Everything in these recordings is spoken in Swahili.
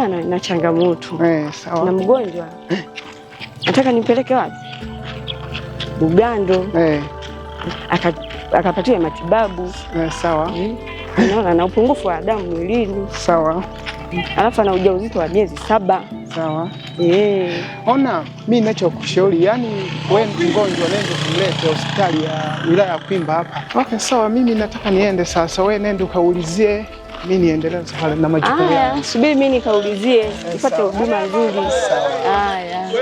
bwana, na changamoto eh, sawa. na mgonjwa eh. nataka nimpeleke wapi? Bugando eh. akapatiwe aka matibabu eh, sawa eh, Naona na upungufu wa damu mwilini sawa, alafu ana ujauzito wa miezi saba sawa. Yeah. Ona, mi nachokushauri yani, wewe mgonjwa nende kumlete hospitali ya wilaya ya Kwimba hapa. Okay, sawa. Mimi nataka niende sasa, we nende ukaulizie mimi niendelee na majukumu yangu. Subiri mimi nikaulizie nipate huduma nzuri. Haya.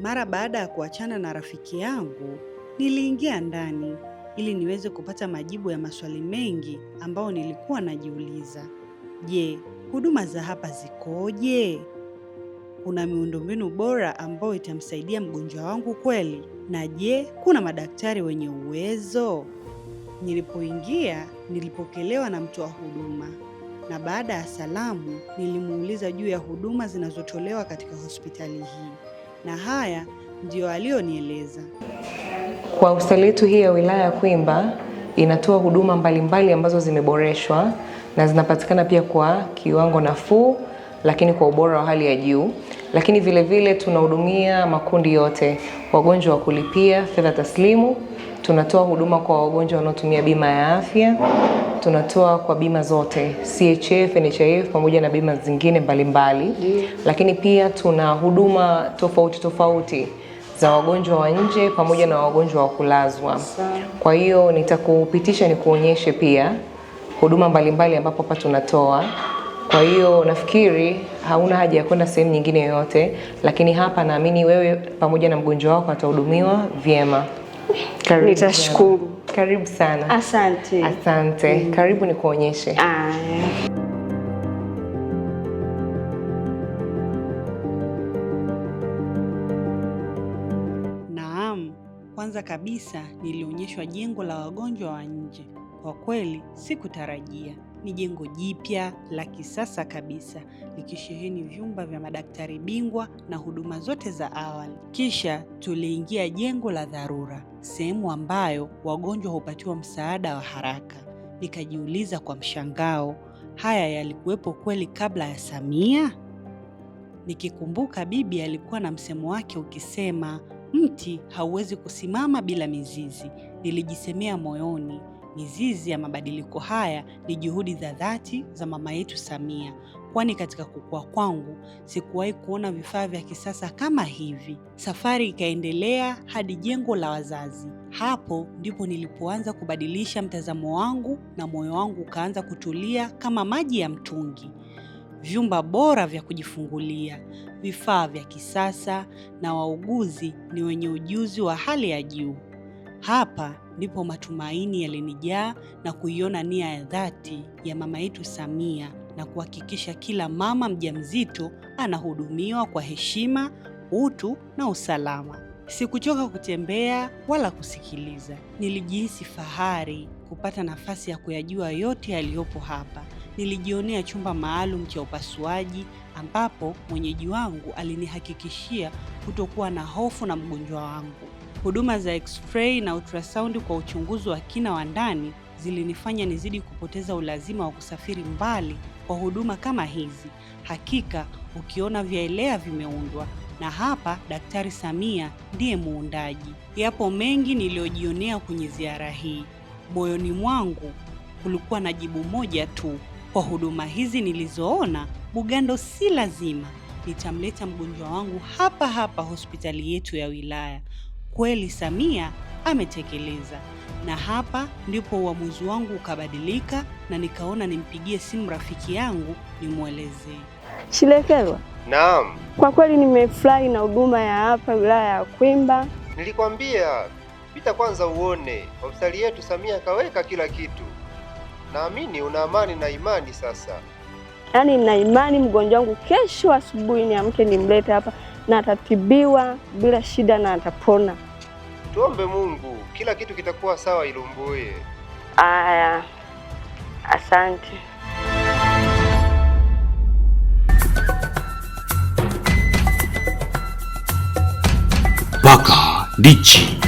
Mara baada ya kuachana na rafiki yangu, niliingia ndani ili niweze kupata majibu ya maswali mengi ambayo nilikuwa najiuliza. Je, huduma za hapa zikoje? kuna miundombinu bora ambayo itamsaidia mgonjwa wangu kweli? Na je, kuna madaktari wenye uwezo? Nilipoingia nilipokelewa na mtoa huduma, na baada ya salamu nilimuuliza juu ya huduma zinazotolewa katika hospitali hii, na haya ndiyo aliyonieleza. Kwa hospitali yetu hii ya wilaya ya Kwimba inatoa huduma mbalimbali mbali ambazo zimeboreshwa na zinapatikana pia kwa kiwango nafuu lakini kwa ubora wa hali ya juu. Lakini vile vile tunahudumia makundi yote, wagonjwa wa kulipia fedha taslimu, tunatoa huduma kwa wagonjwa wanaotumia bima ya afya, tunatoa kwa bima zote CHF, NHIF pamoja na bima zingine mbalimbali mbali. Lakini pia tuna huduma tofauti tofauti za wagonjwa wa nje pamoja na wagonjwa wa kulazwa. Kwa hiyo nitakupitisha nikuonyeshe pia huduma mbalimbali ambapo hapa tunatoa kwa hiyo nafikiri hauna haja ya kwenda sehemu nyingine yoyote, lakini hapa naamini wewe pamoja na mgonjwa wako atahudumiwa vyema. Karibu, nitashukuru. Karibu sana. Asante, asante. Mm. Karibu nikuonyeshe. Naam, kwanza kabisa nilionyeshwa jengo la wagonjwa wa nje, kwa kweli sikutarajia. Ni jengo jipya la kisasa kabisa likisheheni vyumba vya madaktari bingwa na huduma zote za awali. Kisha tuliingia jengo la dharura, sehemu ambayo wagonjwa hupatiwa msaada wa haraka. Nikajiuliza kwa mshangao, haya yalikuwepo kweli kabla ya Samia? Nikikumbuka bibi alikuwa na msemo wake ukisema, mti hauwezi kusimama bila mizizi. Nilijisemea moyoni. Mizizi ya mabadiliko haya ni juhudi za dhati za mama yetu Samia, kwani katika kukua kwangu sikuwahi kuona vifaa vya kisasa kama hivi. Safari ikaendelea hadi jengo la wazazi. Hapo ndipo nilipoanza kubadilisha mtazamo wangu na moyo wangu ukaanza kutulia kama maji ya mtungi. Vyumba bora vya kujifungulia, vifaa vya kisasa na wauguzi ni wenye ujuzi wa hali ya juu. Hapa ndipo matumaini yalinijaa na kuiona nia ya dhati ya mama yetu Samia na kuhakikisha kila mama mjamzito anahudumiwa kwa heshima, utu na usalama. Sikuchoka kutembea wala kusikiliza. Nilijihisi fahari kupata nafasi ya kuyajua yote yaliyopo hapa. Nilijionea chumba maalum cha upasuaji ambapo mwenyeji wangu alinihakikishia kutokuwa na hofu na mgonjwa wangu. Huduma za x-ray na ultrasound kwa uchunguzi wa kina wa ndani zilinifanya nizidi kupoteza ulazima wa kusafiri mbali kwa huduma kama hizi. Hakika ukiona vyaelea vimeundwa, na hapa Daktari Samia ndiye muundaji. Yapo mengi niliyojionea kwenye ziara hii. Moyoni mwangu kulikuwa na jibu moja tu: kwa huduma hizi nilizoona, Bugando si lazima. Nitamleta mgonjwa wangu hapa hapa hospitali yetu ya wilaya kweli Samia ametekeleza. Na hapa ndipo uamuzi wangu ukabadilika, na nikaona nimpigie simu rafiki yangu nimwelezee. Chilekelwa. Naam. Kwa kweli nimefurahi na huduma ya hapa wilaya ya Kwimba. Nilikwambia pita kwanza uone hospitali yetu, Samia akaweka kila kitu. Naamini una amani na imani sasa. Yaani na imani mgonjwa wangu kesho asubuhi niamke nimlete hapa na atatibiwa bila shida na atapona. Tuombe Mungu, kila kitu kitakuwa sawa. Ilumbuye. Aya, asante. Mpaka dichi